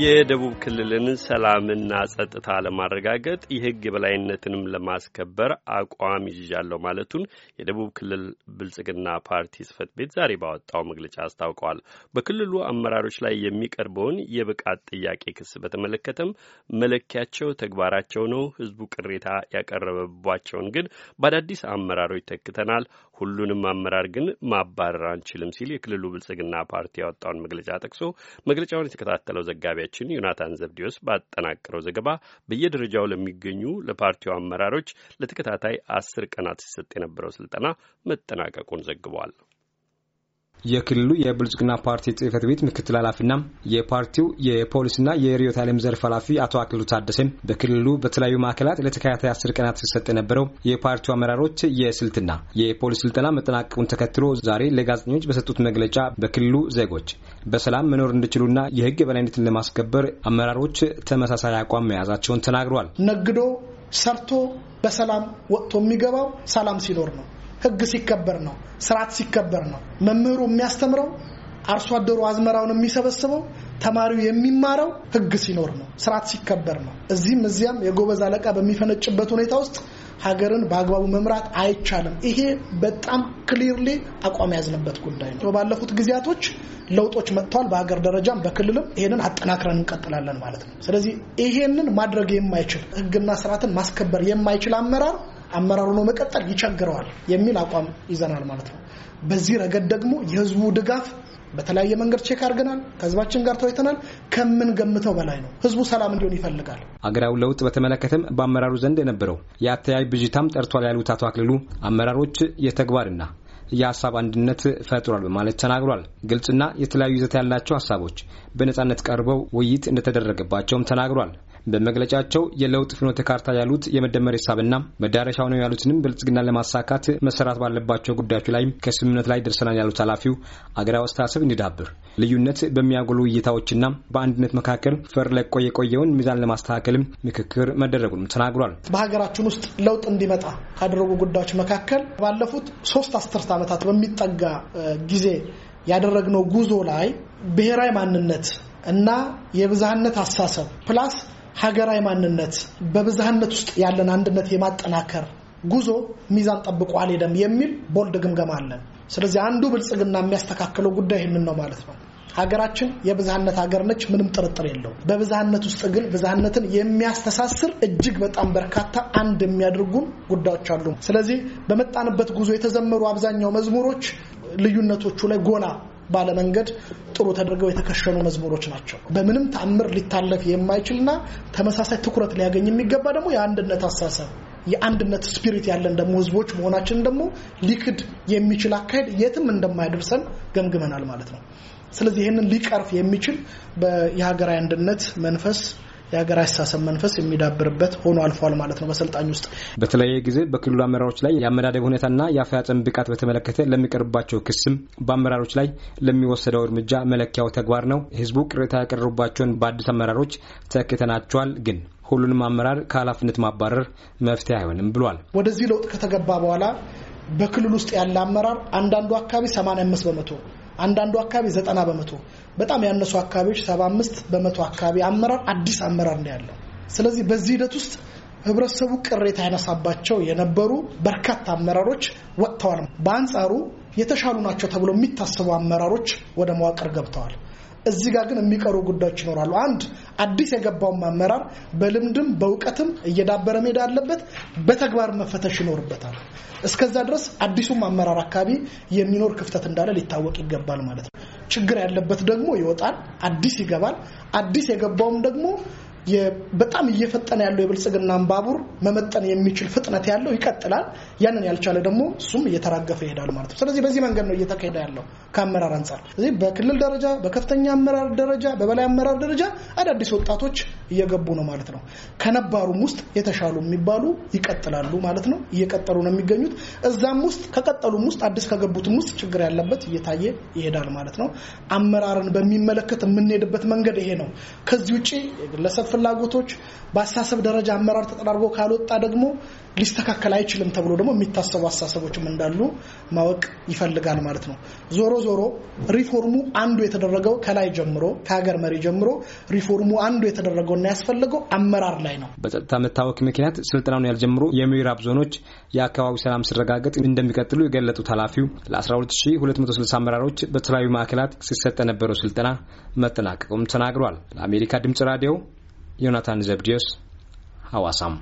የደቡብ ክልልን ሰላምና ጸጥታ ለማረጋገጥ የሕግ የበላይነትንም ለማስከበር አቋም ይዣለሁ ማለቱን የደቡብ ክልል ብልጽግና ፓርቲ ጽህፈት ቤት ዛሬ ባወጣው መግለጫ አስታውቀዋል። በክልሉ አመራሮች ላይ የሚቀርበውን የብቃት ጥያቄ ክስ በተመለከተም መለኪያቸው ተግባራቸው ነው፣ ህዝቡ ቅሬታ ያቀረበባቸውን ግን በአዳዲስ አመራሮች ተክተናል፣ ሁሉንም አመራር ግን ማባረር አንችልም ሲል የክልሉ ብልጽግና ፓርቲ ያወጣውን መግለጫ ጠቅሶ መግለጫውን የተከታተለው ዘጋቢያችን ዮናታን ዘብዲዮስ ባጠናቀረው ዘገባ በየደረጃው ለሚገኙ ለፓርቲው አመራሮች ለተከታታይ አስር ቀናት ሲሰጥ የነበረው ስልጠና መጠናቀቁን ዘግቧል። የክልሉ የብልጽግና ፓርቲ ጽህፈት ቤት ምክትል ኃላፊና የፓርቲው የፖሊስና የርዕዮተ ዓለም ዘርፍ ኃላፊ አቶ አክሉ ታደሰን በክልሉ በተለያዩ ማዕከላት ለተከታታይ አስር ቀናት ሲሰጥ የነበረው የፓርቲው አመራሮች የስልትና የፖሊስ ስልጠና መጠናቀቁን ተከትሎ ዛሬ ለጋዜጠኞች በሰጡት መግለጫ በክልሉ ዜጎች በሰላም መኖር እንዲችሉና የህግ የበላይነትን ለማስከበር አመራሮች ተመሳሳይ አቋም መያዛቸውን ተናግረዋል። ነግዶ ሰርቶ በሰላም ወጥቶ የሚገባው ሰላም ሲኖር ነው። ህግ ሲከበር ነው፣ ስርዓት ሲከበር ነው። መምህሩ የሚያስተምረው፣ አርሶ አደሩ አዝመራውን የሚሰበስበው፣ ተማሪው የሚማረው ህግ ሲኖር ነው፣ ስርዓት ሲከበር ነው። እዚህም እዚያም የጎበዝ አለቃ በሚፈነጭበት ሁኔታ ውስጥ ሀገርን በአግባቡ መምራት አይቻልም። ይሄ በጣም ክሊርሊ አቋም የያዝንበት ጉዳይ ነው። ባለፉት ጊዜያቶች ለውጦች መጥተዋል። በሀገር ደረጃም በክልልም ይሄንን አጠናክረን እንቀጥላለን ማለት ነው። ስለዚህ ይሄንን ማድረግ የማይችል ህግና ስርዓትን ማስከበር የማይችል አመራር አመራሩ ነው መቀጠል ይቸግረዋል የሚል አቋም ይዘናል ማለት ነው። በዚህ ረገድ ደግሞ የህዝቡ ድጋፍ በተለያየ መንገድ ቼክ አድርገናል። ከህዝባችን ጋር ተወያይተናል። ከምንገምተው በላይ ነው። ህዝቡ ሰላም እንዲሆን ይፈልጋል። አገራዊ ለውጥ በተመለከተም በአመራሩ ዘንድ የነበረው የአተያይ ብዥታም ጠርቷል ያሉት አቶ አክልሉ አመራሮች የተግባርና የሀሳብ አንድነት ፈጥሯል በማለት ተናግሯል። ግልጽና የተለያዩ ይዘት ያላቸው ሀሳቦች በነጻነት ቀርበው ውይይት እንደተደረገባቸውም ተናግሯል። በመግለጫቸው የለውጥ ፍኖተ ካርታ ያሉት የመደመር ሂሳብና መዳረሻው ነው ያሉትንም ብልጽግና ለማሳካት መሰራት ባለባቸው ጉዳዮች ላይ ከስምምነት ላይ ደርሰናል ያሉት ኃላፊው አገራዊ አስተሳሰብ እንዲዳብር ልዩነት በሚያጎሉ እይታዎችና በአንድነት መካከል ፈር ለቆ የቆየውን ሚዛን ለማስተካከልም ምክክር መደረጉንም ተናግሯል። በሀገራችን ውስጥ ለውጥ እንዲመጣ ካደረጉ ጉዳዮች መካከል ባለፉት ሶስት አስርት ዓመታት በሚጠጋ ጊዜ ያደረግነው ጉዞ ላይ ብሔራዊ ማንነት እና የብዝሃነት አሳሰብ ፕላስ ሀገራዊ ማንነት በብዝሃነት ውስጥ ያለን አንድነት የማጠናከር ጉዞ ሚዛን ጠብቆ አልሄደም የሚል ቦልድ ግምገማ አለን። ስለዚህ አንዱ ብልጽግና የሚያስተካክለው ጉዳይ ይህንን ነው ማለት ነው። ሀገራችን የብዝሃነት ሀገር ነች፣ ምንም ጥርጥር የለው። በብዝሃነት ውስጥ ግን ብዝሃነትን የሚያስተሳስር እጅግ በጣም በርካታ አንድ የሚያደርጉን ጉዳዮች አሉ። ስለዚህ በመጣንበት ጉዞ የተዘመሩ አብዛኛው መዝሙሮች ልዩነቶቹ ላይ ጎላ ባለመንገድ ጥሩ ተደርገው የተከሸኑ መዝሙሮች ናቸው። በምንም ተአምር ሊታለፍ የማይችልና ተመሳሳይ ትኩረት ሊያገኝ የሚገባ ደግሞ የአንድነት አሳሰብ የአንድነት ስፒሪት ያለን ደግሞ ህዝቦች መሆናችን ደግሞ ሊክድ የሚችል አካሄድ የትም እንደማይደርሰን ገምግመናል ማለት ነው። ስለዚህ ይህንን ሊቀርፍ የሚችል የሀገራዊ አንድነት መንፈስ የሀገር አስተሳሰብ መንፈስ የሚዳብርበት ሆኖ አልፏል ማለት ነው በሰልጣኝ ውስጥ። በተለያየ ጊዜ በክልሉ አመራሮች ላይ የአመዳደብ ሁኔታና የአፈጻጸም ብቃት በተመለከተ ለሚቀርባቸው ክስም በአመራሮች ላይ ለሚወሰደው እርምጃ መለኪያው ተግባር ነው። ህዝቡ ቅሬታ ያቀረቡባቸውን በአዲስ አመራሮች ተክተናቸዋል ግን ሁሉንም አመራር ከኃላፊነት ማባረር መፍትሄ አይሆንም ብሏል። ወደዚህ ለውጥ ከተገባ በኋላ በክልል ውስጥ ያለ አመራር አንዳንዱ አካባቢ 85 በመቶ አንዳንዱ አካባቢ ዘጠና በመቶ በጣም ያነሱ አካባቢዎች ሰባ አምስት በመቶ አካባቢ አመራር አዲስ አመራር ነው ያለው። ስለዚህ በዚህ ሂደት ውስጥ ህብረተሰቡ ቅሬታ ያነሳባቸው የነበሩ በርካታ አመራሮች ወጥተዋል። በአንጻሩ የተሻሉ ናቸው ተብሎ የሚታሰቡ አመራሮች ወደ መዋቅር ገብተዋል። እዚህ ጋር ግን የሚቀሩ ጉዳዮች ይኖራሉ። አንድ አዲስ የገባውን አመራር በልምድም በእውቀትም እየዳበረ መሄድ አለበት። በተግባር መፈተሽ ይኖርበታል። እስከዛ ድረስ አዲሱም አመራር አካባቢ የሚኖር ክፍተት እንዳለ ሊታወቅ ይገባል ማለት ነው። ችግር ያለበት ደግሞ ይወጣል፣ አዲስ ይገባል። አዲስ የገባውም ደግሞ በጣም እየፈጠነ ያለው የብልጽግናን ባቡር መመጠን የሚችል ፍጥነት ያለው ይቀጥላል። ያንን ያልቻለ ደግሞ እሱም እየተራገፈ ይሄዳል ማለት ነው። ስለዚህ በዚህ መንገድ ነው እየተካሄደ ያለው ከአመራር አንጻር። ስለዚህ በክልል ደረጃ፣ በከፍተኛ አመራር ደረጃ፣ በበላይ አመራር ደረጃ አዳዲስ ወጣቶች እየገቡ ነው ማለት ነው። ከነባሩም ውስጥ የተሻሉ የሚባሉ ይቀጥላሉ ማለት ነው። እየቀጠሉ ነው የሚገኙት። እዛም ውስጥ ከቀጠሉም ውስጥ አዲስ ከገቡትም ውስጥ ችግር ያለበት እየታየ ይሄዳል ማለት ነው። አመራርን በሚመለከት የምንሄድበት መንገድ ይሄ ነው። ከዚህ ውጭ የግለሰብ ፍላጎቶች በአስተሳሰብ ደረጃ አመራር ተጠራርጎ ካልወጣ ደግሞ ሊስተካከል አይችልም ተብሎ ደግሞ የሚታሰቡ አስተሳሰቦችም እንዳሉ ማወቅ ይፈልጋል ማለት ነው። ዞሮ ዞሮ ሪፎርሙ አንዱ የተደረገው ከላይ ጀምሮ ከሀገር መሪ ጀምሮ ሪፎርሙ አንዱ የተደረገውና ያስፈለገው አመራር ላይ ነው። በጸጥታ መታወክ ምክንያት ስልጠናውን ያልጀምሮ የምዕራብ ዞኖች የአካባቢ ሰላም ሲረጋገጥ እንደሚቀጥሉ የገለጡት ኃላፊው ለ12260 አመራሮች በተለያዩ ማዕከላት ሲሰጥ የነበረው ስልጠና መጠናቀቁም ተናግሯል። ለአሜሪካ ድምጽ ራዲዮ ዮናታን ዘብዲዮስ ሐዋሳም